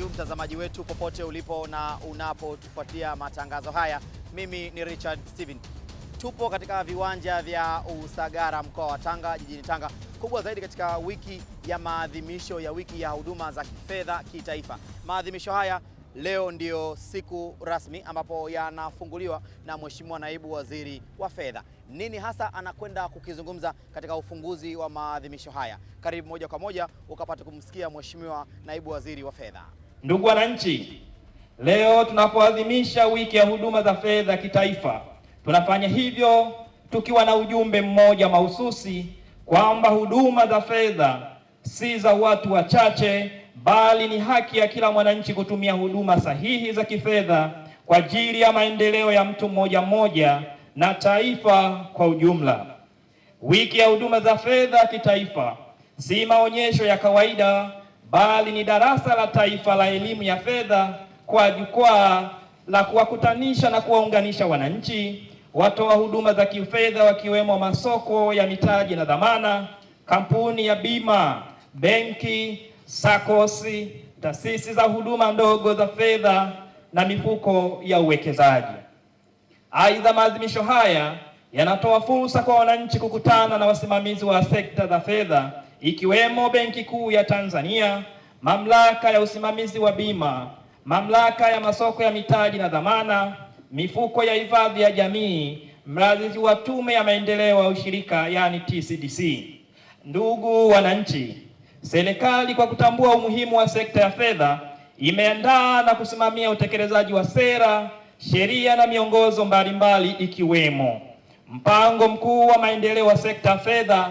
wakati mtazamaji wetu popote ulipo na unapotufuatia matangazo haya. Mimi ni Richard Steven. Tupo katika viwanja vya Usagara mkoa wa Tanga, jijini Tanga, kubwa zaidi katika wiki ya maadhimisho ya wiki ya huduma za kifedha kitaifa. Maadhimisho haya leo ndio siku rasmi ambapo yanafunguliwa na Mheshimiwa Naibu Waziri wa Fedha. Nini hasa anakwenda kukizungumza katika ufunguzi wa maadhimisho haya? Karibu moja kwa moja ukapata kumsikia Mheshimiwa Naibu Waziri wa Fedha. Ndugu wananchi, leo tunapoadhimisha wiki ya huduma za fedha kitaifa, tunafanya hivyo tukiwa na ujumbe mmoja mahususi kwamba huduma za fedha si za watu wachache, bali ni haki ya kila mwananchi kutumia huduma sahihi za kifedha kwa ajili ya maendeleo ya mtu mmoja mmoja na taifa kwa ujumla. Wiki ya huduma za fedha kitaifa si maonyesho ya kawaida bali ni darasa la taifa la elimu ya fedha kwa jukwaa la kuwakutanisha na kuwaunganisha wananchi, watoa huduma za kifedha wakiwemo masoko ya mitaji na dhamana, kampuni ya bima, benki, sakosi, taasisi za huduma ndogo za fedha na mifuko ya uwekezaji. Aidha, maadhimisho haya yanatoa fursa kwa wananchi kukutana na wasimamizi wa sekta za fedha ikiwemo Benki Kuu ya Tanzania, Mamlaka ya Usimamizi wa Bima, Mamlaka ya Masoko ya Mitaji na Dhamana, Mifuko ya Hifadhi ya Jamii, mradhi wa Tume ya Maendeleo ya Ushirika yaani TCDC. Ndugu wananchi, serikali kwa kutambua umuhimu wa sekta ya fedha imeandaa na kusimamia utekelezaji wa sera, sheria na miongozo mbalimbali ikiwemo mpango mkuu wa maendeleo wa sekta ya fedha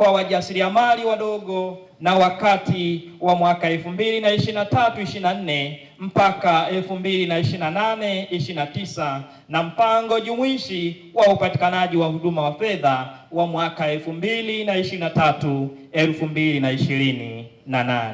kwa wajasiriamali wadogo na wakati wa mwaka 2023 24 mpaka 2028 29 na mpango jumuishi wa upatikanaji wa huduma wa fedha wa mwaka 2023 2028.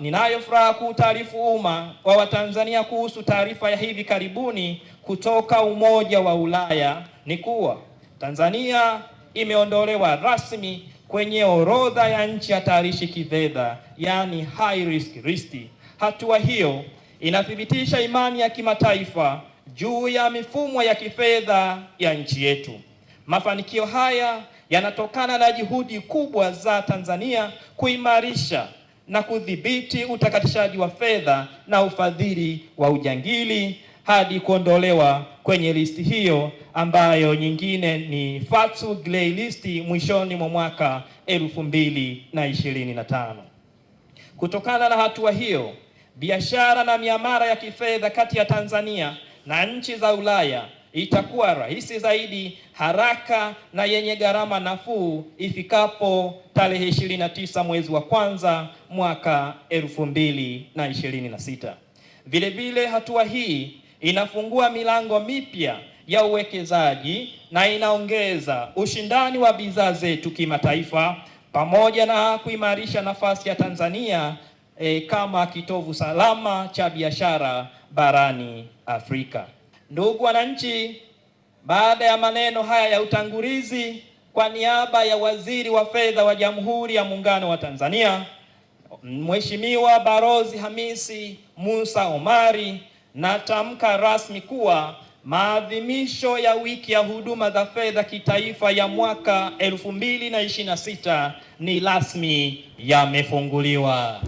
Ninayo furaha kuutaarifu umma wa Watanzania kuhusu taarifa ya hivi karibuni kutoka Umoja wa Ulaya ni kuwa Tanzania imeondolewa rasmi kwenye orodha ya nchi hatarishi kifedha, yani high risk list. Hatua hiyo inathibitisha imani ya kimataifa juu ya mifumo ya kifedha ya nchi yetu. Mafanikio haya yanatokana na juhudi kubwa za Tanzania kuimarisha na kudhibiti utakatishaji wa fedha na ufadhili wa ujangili hadi kuondolewa kwenye listi hiyo ambayo nyingine ni Fatu Grey List mwishoni mwa mwaka 2025. Kutokana na hatua hiyo, biashara na miamara ya kifedha kati ya Tanzania na nchi za Ulaya itakuwa rahisi zaidi, haraka na yenye gharama nafuu ifikapo tarehe 29 mwezi wa kwanza mwaka 2026. Vilevile hatua hii inafungua milango mipya ya uwekezaji na inaongeza ushindani wa bidhaa zetu kimataifa pamoja na kuimarisha nafasi ya Tanzania e, kama kitovu salama cha biashara barani Afrika. Ndugu wananchi, baada ya maneno haya ya utangulizi kwa niaba ya Waziri wa Fedha wa Jamhuri ya Muungano wa Tanzania, Mheshimiwa Barozi Hamisi Musa Omari Natamka rasmi kuwa maadhimisho ya wiki ya huduma za fedha kitaifa ya mwaka 2026 ni rasmi yamefunguliwa.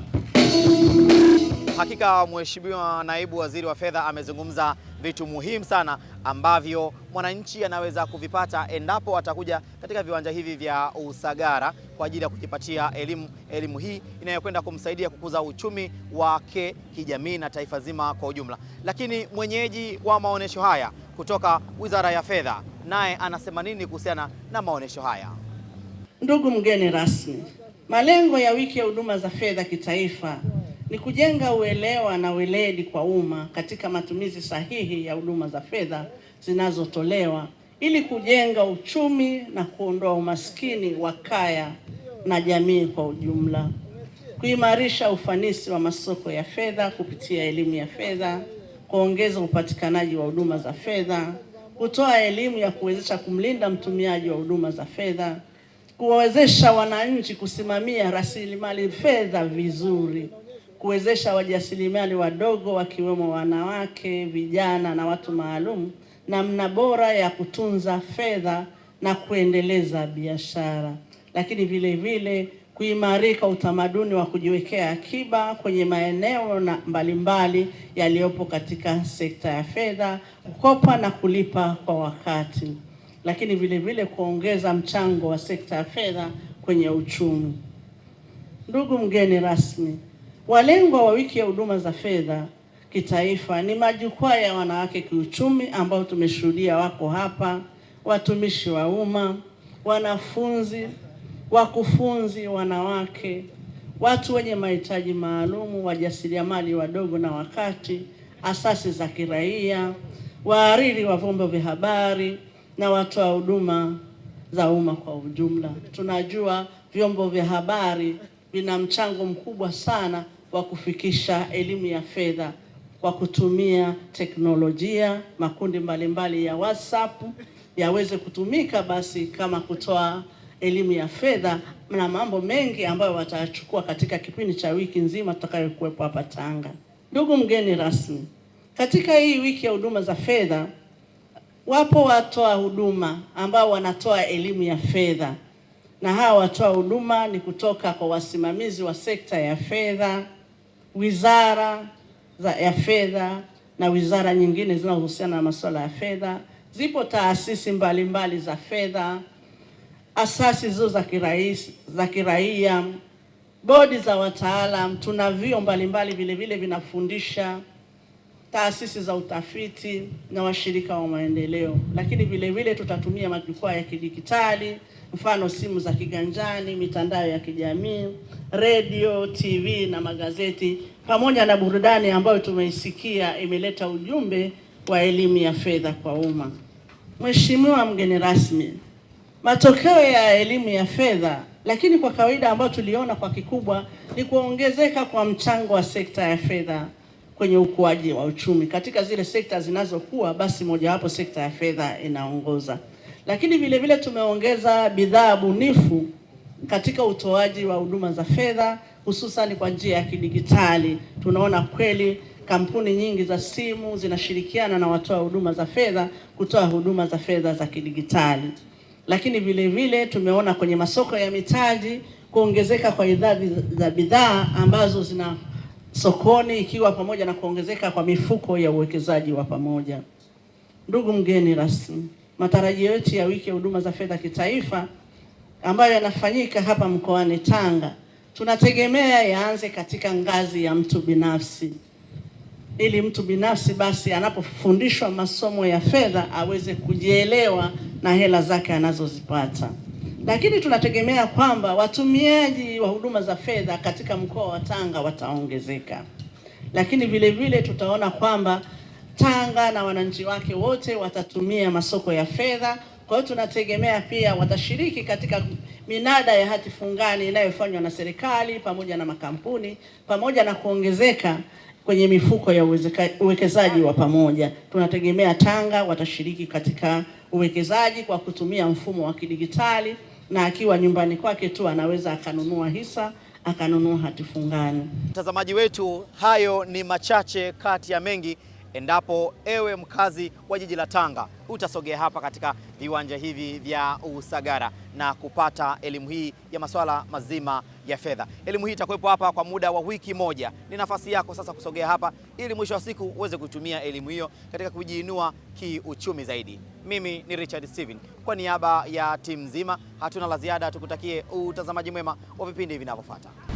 Hakika Mheshimiwa Naibu Waziri wa Fedha amezungumza vitu muhimu sana ambavyo mwananchi anaweza kuvipata endapo atakuja katika viwanja hivi vya Usagara kwa ajili ya kujipatia elimu, elimu hii inayokwenda kumsaidia kukuza uchumi wake kijamii na taifa zima kwa ujumla. Lakini mwenyeji wa maonyesho haya kutoka Wizara ya Fedha naye anasema nini kuhusiana na maonyesho haya? Ndugu mgeni rasmi, malengo ya wiki ya huduma za fedha kitaifa ni kujenga uelewa na weledi kwa umma katika matumizi sahihi ya huduma za fedha zinazotolewa ili kujenga uchumi na kuondoa umaskini wa kaya na jamii kwa ujumla, kuimarisha ufanisi wa masoko ya fedha kupitia elimu ya fedha, kuongeza upatikanaji wa huduma za fedha, kutoa elimu ya kuwezesha kumlinda mtumiaji wa huduma za fedha, kuwawezesha wananchi kusimamia rasilimali fedha vizuri kuwezesha wajasiriamali wadogo wakiwemo wanawake, vijana na watu maalum namna bora ya kutunza fedha na kuendeleza biashara, lakini vile vile kuimarika utamaduni wa kujiwekea akiba kwenye maeneo na mbalimbali yaliyopo katika sekta ya fedha, kukopa na kulipa kwa wakati, lakini vile vile kuongeza mchango wa sekta ya fedha kwenye uchumi. Ndugu mgeni rasmi, Walengwa wa wiki ya huduma za fedha kitaifa ni majukwaa ya wanawake kiuchumi, ambao tumeshuhudia wako hapa: watumishi wa umma, wanafunzi, wakufunzi wanawake, watu wenye mahitaji maalumu, wajasiriamali wadogo na wakati, asasi za kiraia, wahariri wa vyombo vya habari na watoa huduma za umma kwa ujumla. Tunajua vyombo vya habari lina mchango mkubwa sana wa kufikisha elimu ya fedha kwa kutumia teknolojia. Makundi mbalimbali ya WhatsApp yaweze kutumika basi kama kutoa elimu ya fedha na mambo mengi ambayo watachukua katika kipindi cha wiki nzima tutakayokuwepo hapa Tanga. Ndugu mgeni rasmi, katika hii wiki ya huduma za fedha, wapo watoa huduma ambao wanatoa elimu ya fedha na hawa watoa huduma ni kutoka kwa wasimamizi wa sekta ya fedha, wizara ya fedha na wizara nyingine zinazohusiana na masuala ya fedha. Zipo taasisi mbalimbali za fedha, asasi zizo za kiraia, bodi za wataalam. Tuna vio mbalimbali vilevile vinafundisha, taasisi za utafiti na washirika wa maendeleo, lakini vilevile tutatumia majukwaa ya kidijitali mfano simu za kiganjani, mitandao ya kijamii, redio, TV na magazeti, pamoja na burudani ambayo tumeisikia imeleta ujumbe wa elimu ya fedha kwa umma. Mheshimiwa mgeni rasmi, matokeo ya elimu ya fedha lakini kwa kawaida ambayo tuliona kwa kikubwa ni kuongezeka kwa mchango wa sekta ya fedha kwenye ukuaji wa uchumi. Katika zile sekta zinazokuwa, basi mojawapo sekta ya fedha inaongoza. Lakini vile vile tumeongeza bidhaa bunifu katika utoaji wa huduma za fedha hususan kwa njia ya kidigitali. Tunaona kweli kampuni nyingi za simu zinashirikiana na watoa huduma za fedha kutoa huduma za fedha za kidigitali. Lakini vile vile tumeona kwenye masoko ya mitaji kuongezeka kwa idadi za bidhaa ambazo zina sokoni ikiwa pamoja na kuongezeka kwa mifuko ya uwekezaji wa pamoja. Ndugu mgeni rasmi matarajio yetu ya wiki ya huduma za fedha kitaifa ambayo yanafanyika hapa mkoani Tanga tunategemea yaanze katika ngazi ya mtu binafsi, ili mtu binafsi basi anapofundishwa masomo ya fedha aweze kujielewa na hela zake anazozipata. Lakini tunategemea kwamba watumiaji wa huduma za fedha katika mkoa wa Tanga wataongezeka, lakini vile vile tutaona kwamba Tanga na wananchi wake wote watatumia masoko ya fedha. Kwa hiyo tunategemea pia watashiriki katika minada ya hati fungani inayofanywa na serikali pamoja na makampuni pamoja na kuongezeka kwenye mifuko ya uwekezaji wa pamoja. Tunategemea Tanga watashiriki katika uwekezaji kwa kutumia mfumo wa kidigitali, na akiwa nyumbani kwake tu anaweza akanunua hisa akanunua hati fungani. Mtazamaji wetu, hayo ni machache kati ya mengi Endapo ewe mkazi wa jiji la Tanga utasogea hapa katika viwanja hivi vya Usagara na kupata elimu hii ya masuala mazima ya fedha. Elimu hii itakuwepo hapa kwa muda wa wiki moja. Ni nafasi yako sasa kusogea hapa ili mwisho wa siku uweze kutumia elimu hiyo katika kujiinua kiuchumi zaidi. Mimi ni Richard Steven, kwa niaba ya timu nzima hatuna la ziada, tukutakie utazamaji mwema wa vipindi vinavyofuata.